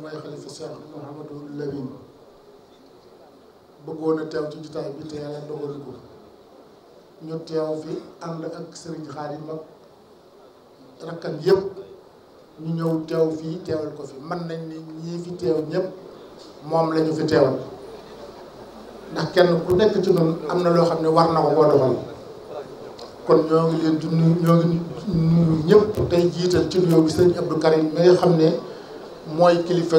mooy xalifa Cheikh Mouhamadou Lamine bëggoon a teew ci jotaay bi te yàlla dogal ko ñu teew fi ànd ak sëriñ Xaadim mag rakkam yëpp ñu ñëw teew fii teewal ko fi man nañ ni ñii fi teew ñëpp moom la fi teewal ndax kenn ku nekk ci ñun am na loo xam ne war na ko koo doxal kon ñoo ngi leen di nuyu ñoo ngi nuyu ñëpp tey jiital ci nuyoo bi sëriñ Abdou Karim mi nga xam ne. mooy kilifa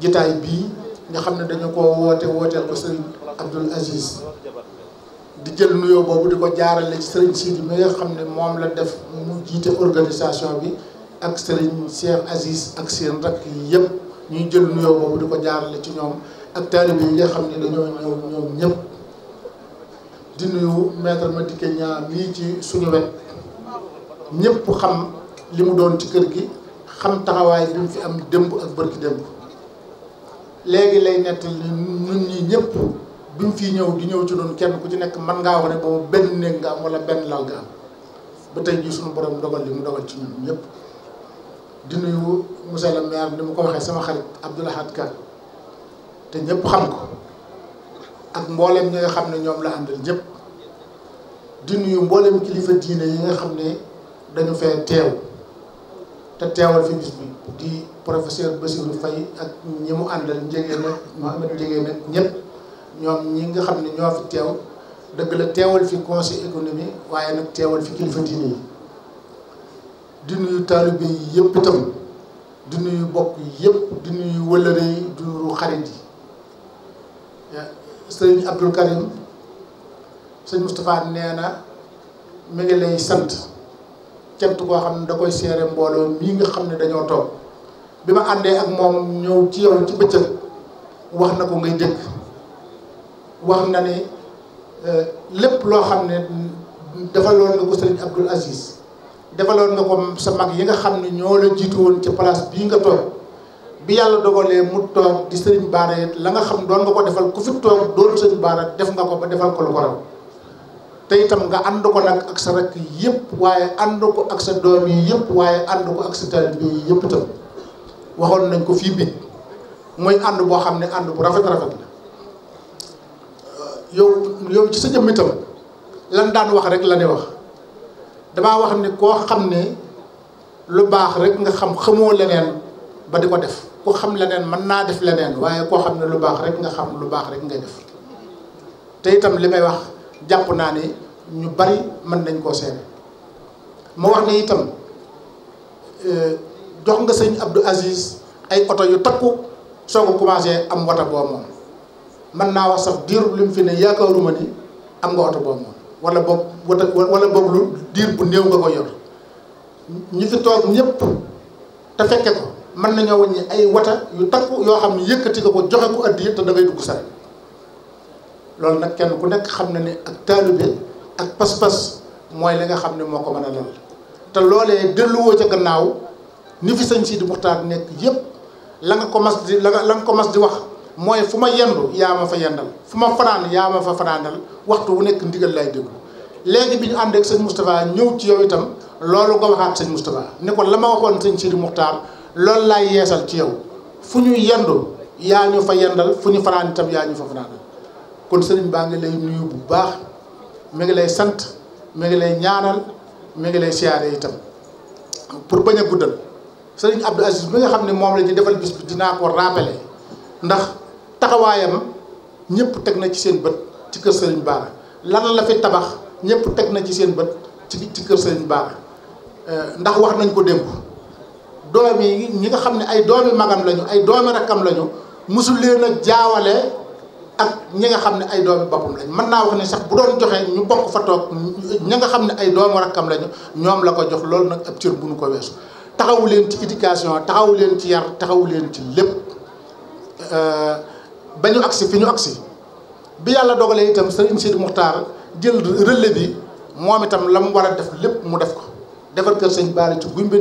jitaay bii nga xam ne dañu ko woote wooteel ko sëriñ Abdul Aziz di jël nuyoo boobu di ko jaarale ci sëriñ Sidi mi nga xam ne moom la def mu jiite organisation bi ak sëriñ Cheikh Aziz ak seen rakk yi yëpp ñuy jël nuyoo boobu di ko jaarale ci ñoom ak taalibe yi nga xam ne dañoo ñëw ñoom ñëpp di nuyu maître Madické Niang lii ci suñu wet ñëpp xam li mu doon ci kër gi xam taxawaay bi mu fi am démb ak bërki démb léegi lay nettali ñun ñi ñëpp bi mu fii ñëw di ñëw ci doon kenn ku ci nekk man ngaa wane boobu benn néeg nga am wala benn lal nga am ba tey jii suñu borom dogal li mu dogal ci ñun ñëpp di nuyu monsieur le maire ni mu ko waxee sama xarit Abdou Lahad Ka te ñëpp xam ko ak mboolem ñi nga xam ne ñoom la àndal ñëpp di nuyu mboolem kilifa diine yi nga xam ne dañu fee teew. te teewal fi bis bi di professeur Bassirou Faye ak ñi mu àndal njëgeen ak Mohamed njëgeen ak ñëpp ñoom ñi nga xam ne ñoo fi teew dëgg la teewal fi conseil économique waaye nag teewal fi kilifa diine yi di nuyu taalibe yi yëpp itam di nuyu bokk yëpp di nuyu wëllëre yi di nuyu xarit yi sëñ Abdul Karim sëñ Moustapha nee na mi ngi lay sant. cant koo xam ne da koy seere mbooloo mii nga xam ne dañoo toog bi ma àndee ak moom ñëw ci yow ci bëccëg wax na ko ngay njëkk wax na ne euh, lépp loo xam ne defaloon nga ko sëriñ Abdul Aziz defaloon nga ko sa mag yi nga xam ne ñoo la jiitu woon ci place bii nga toog bi yàlla dogalee mu toog di sëriñ Baara la nga xam doon nga ko defal ku fi toog doon sëriñ Baara def nga ko ba defal ko lu ko raw tey itam nga ànd ko nag ak sa rakk yépp waaye ànd ko ak sa doom yi yëpp waaye ànd ko ak sa taalibe yi yëpp itam waxoon nañ ko fii bii mooy ànd boo xam ne ànd bu rafet rafet la yow yow ci sa jëmm itam lan daan wax rek la ne wax damaa wax ni koo xam ne lu baax rek nga xam xamoo leneen ba di ko def ku xam leneen mën naa def leneen waaye koo xam ne lu baax rek nga xam lu baax rek ngay def te itam li may wax. jàpp naa ne ñu bari mën nañ koo seet mu wax ne itam euh, jox nga sëñ abdu Aziz ay oto yu takku soo ko commencé am wata boo moom mën naa wax sax diir lu mu fi ne yaakaaruma ni am nga oto boo moom wala boog wata wala boog lu diir bu néew nga ko yor ñi fi toog ñëpp te fekke ko mën nañoo wàññi ay wata yu takku yoo xam ne yëkkati nga ko joxe ko addi te da ngay dugg sax loolu nag kenn ku nekk xam na ni ak taalibe ak pas-pas mooy li nga xam ne moo ko mën a lal te loolee delluwoo ca gannaaw ni fi sëñ Sidi Muxtaar nekk yépp la nga ko la nga la nga ko mas wax mooy fu ma yendu yaa ma fa yendal fu ma fanaan yaa ma fa fanaanal waxtu wu nekk ndigal lay déglu léegi bi ñu ànd ak sëñ ñëw ci yow itam loolu nga waxaat sëñ Moustapha ni ko la ma waxoon sëñ Sidi Muxtaar loolu laay yeesal ci yow fu ñu yendu yaa ñu fa yendal fu ñu fanaan itam yaa ñu fa fanaanal kon sëriñ baa ngi lay nuyu bu baax mi ngi lay sant mi ngi lay ñaanal mi ngi lay siyaare itam pour bañ a guddal sëriñ Abdou Aziz bi nga xam ne moom la ñu defal bis bi dinaa ko rappelé ndax taxawaayam ñëpp teg na ci seen bët ci kër sëriñ Bara lan la fi tabax ñëpp teg na ci seen bët ci ci kër sëriñ Bara eh, ndax wax nañ ko démb doom yi ñi nga xam ne ay doomi magam lañu ay doomi rakkam lañu mosu leen a jaawale. ak ñi nga xam ne ay doomi boppam lañ mën naa wax ni sax bu doon joxee ñu bokk fa toog ñi nga xam ne ay doomu rakkam lañu ñoom la ko jox loolu nag ab cër bu nu ko weesu taxawu leen ci éducation taxawu leen ci yar taxawu leen ci lépp euh, ba ñu agsi fi ñu agsi bi yàlla dogalee itam sëriñ Sidi Muxtaar jël relais bi moom itam la mu war a def lépp mu def ko defar kër sëñ Baara ci guñ bi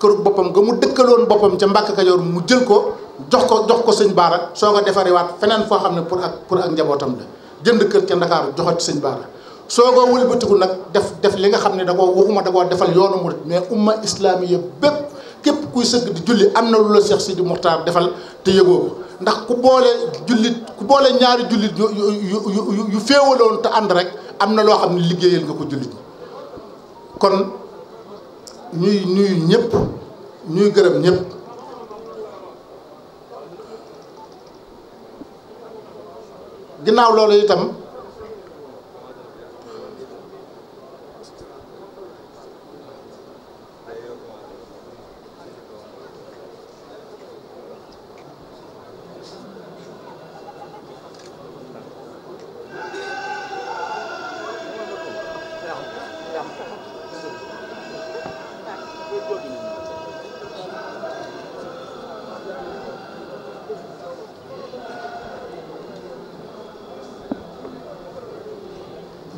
kër boppam nga mu dëkkaloon boppam ca Mbàkke Kajoor mu jël ko jox ko jox ko sëñ baara soo ko defariwaat feneen foo xam ne pour ak pour ak njabootam la jënd kër ca ndakaaru joxat sëñ baara soo ko wëlbatiku nag def def li nga xam ne da koo waxuma da koo defal yoonu murit mais umma islamiya bépp képp kuy sëgg di julli am na lu la Cheikh Sidi Muxtaar defal te yëgoo ko ndax ku boole jullit ku boole ñaari jullit yu yu yu féewaloon te ànd rek am na loo xam ne liggéeyal nga ko jullit kon ñuy ñuy ñëpp ñuy gërëm ñëpp ginnaaw loolu itam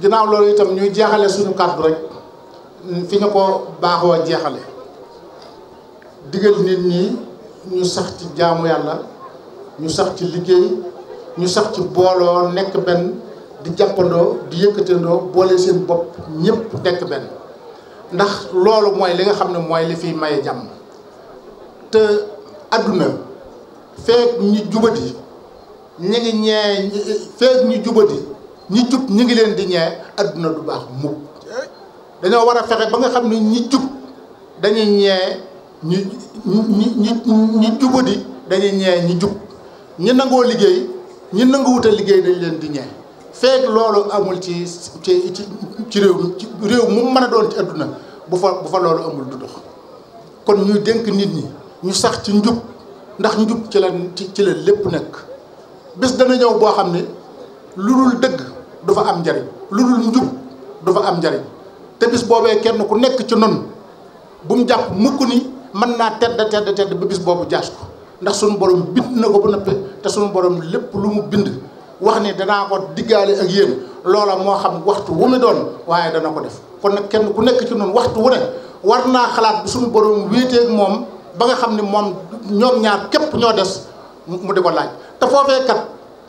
ginnaaw loolu itam ñuy jeexale suñu kàddu rek fi nga ko baaxoo jeexale digal nit ñi ñu sax ci jaamu yàlla ñu sax ci liggéey ñu sax ci booloo nekk benn di jàppandoo di yëkkatandoo boole seen bopp ñëpp nekk benn ndax loolu mooy li nga xam ne mooy li fiy maye jàmm te àdduna feek ñu jubadi ñu ngi ñee feek ñu jubadi ñi jub ñi ngi leen di ñee adduna du baax mu dañoo war a fexe ba nga xam ni ñi jub dañuy ñee ñi ñi ñi jubadi dañuy ñee ñi jub ñi nangoo liggéey ñi nanguwut liggéey dañ leen di ñee feek loolu amul ci ci ci réew mi réew mu mën a doon ci àdduna bu fa bu fa loolu amul du dox kon ñuy dénk nit ñi ñu sax ci njub ndax njub ci la ci la lépp nekk bés dana ñëw boo xam ne lu dul dëgg du fa am njariñ lu dul njub du fa am njariñ te bis boobee kenn ku nekk ci noonu bu mu jàpp mukk ni mën naa tedd tedd tedd ba bis boobu jaas ko ndax sunu borom bind na ko ba noppi te sunu borom lépp lu mu bind wax ni danaa ko diggaale ak yéen loola moo xam waxtu wu mu doon waaye dana ko def kon nag kenn ku nekk ci noonu waxtu wu ne war naa xalaat bu sunu borom wéeteeg moom ba nga xam ni moom ñoom ñaar képp ñoo des mu di ko laaj te foofee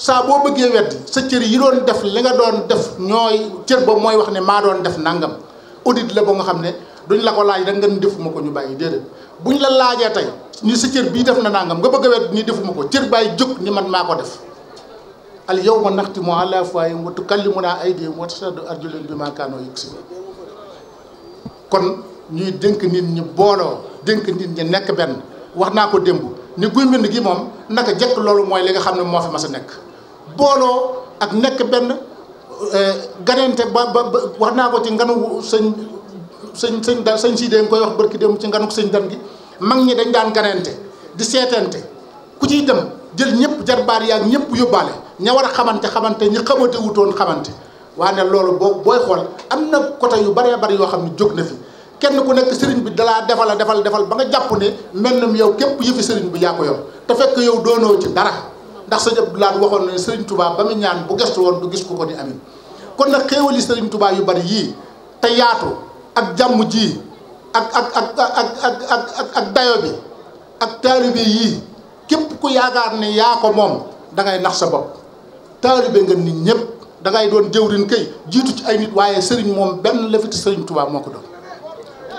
saa boo bëggee wedd sa cër yi doon def li nga doon def ñooy cër ba mooy wax ne maa doon def nangam audit la ba nga xam ne duñ la ko laaj rek nga defuma ko ñu bàyyi bu ñu la laajee tey ni sa cër bii def na nangam nga bëgg a wedd ni defuma ko cër bàyyi jóg ni man maa ko def al yawma naxtimu ala afwaahihim wa tukallimunaa aydiihim wa tashhadu arjuluhum bimaa kaanoo yaksibuun kon ñuy dénk nit ñi booloo dénk nit ñi nekk benn wax naa ko démb ni guy mbind gi moom naka jekk loolu mooy li nga xam ne moo fi ma sa nekk booloo ak nekk benn euh, ganente ba ba wax naa ko ci nganu sëñ sëñ sëñ da sëñ siidee nga koy wax barki dem ci nganu sëñ dan gi mag ñi dañ daan ganente di seetante ku ciy dem jël ñëpp jarbaar yaag ñëpp yóbbaale ña war a xamante xamante ñi xamante wutoon xamante waa ne loolu boo booy xool am na côté yu baree bari yoo xam ne jóg na fi kenn ku nekk sëriñ bi dalaa defal a defal defal ba nga jàpp ne mel na yow képp yëfi sëriñ bi yaa ko yor te fekk yow doonoo ci dara ndax sëñ Abdoulaye waxoon na ne sëriñ Touba ba mu ñaan bu gestu woon du gis ku ko ni amin kon nag xéewali sëriñ Touba yu bari yii te yaatu ak jàmm ji ak ak ak ak ak ak dayo bi ak taalibe yii képp ku yaakaar ni yaa ko moom dangay nax sa bopp taalibe nga nit ñëpp da ngay doon jëwrin këy jiitu ci ay nit waaye sëriñ moom benn la ci sëriñ Touba moo ko doon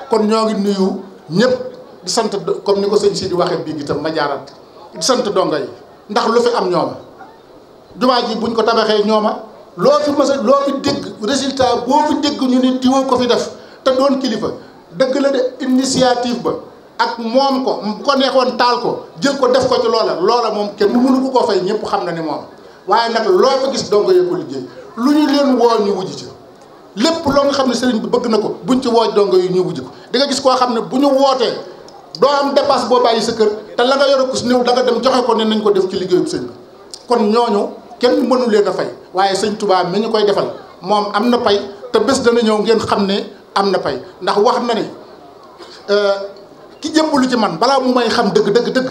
kon ñoo ngi nuyu ñëpp di sant comme ni ko sëñ si di waxee bii itam ma jaarat di sant donga yi ndax lu fi am ñooma jumaa ji buñ ko tabaxee ñooma loo fi mas loo fi dégg résultat boo fi dégg ñu ni diwoo ko fi def te doon kilifa dëgg la de initiative ba ak moom ko ko neexoon taal ko jël ko def ko ci loola loola moom kenn mënu ko fay ñëpp xam na ni moom waaye nag loo fa gis doo nga yëg liggéey lu ñu leen woo ñu wujj ci lépp loo nga xam ne sëriñ bi bëgg na ko buñ ci wooj doo nga yu ñu wujj ko di nga gis koo xam ne bu ñu wootee doo am dépasse boo bàyyi sa kër te la nga yor ko si néew dem joxe ko ne nañ ko def ci liggéeyub sëñ bi kon ñooñu kenn mënu leen a fay waaye sañ tubaab mi ñu koy defal moom am na pay te bés dana ñëw ngeen xam ne am na pay ndax wax na ne euh, ki lu ci man balaa mu may xam dëgg dëgg dëgg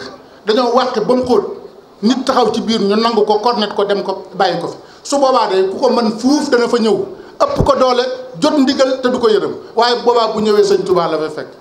dañoo wàqe ba mu xóot nit taxaw ci biir ñu nangu ko cornet ko dem ko bàyyi ko fi su boobaa de ku ko mën fuuf dana fa ñëw ëpp ko doole jot ndigal te du ko yërëm waaye boobaa bu ñëwee sëñ Tuubaa la fay fekk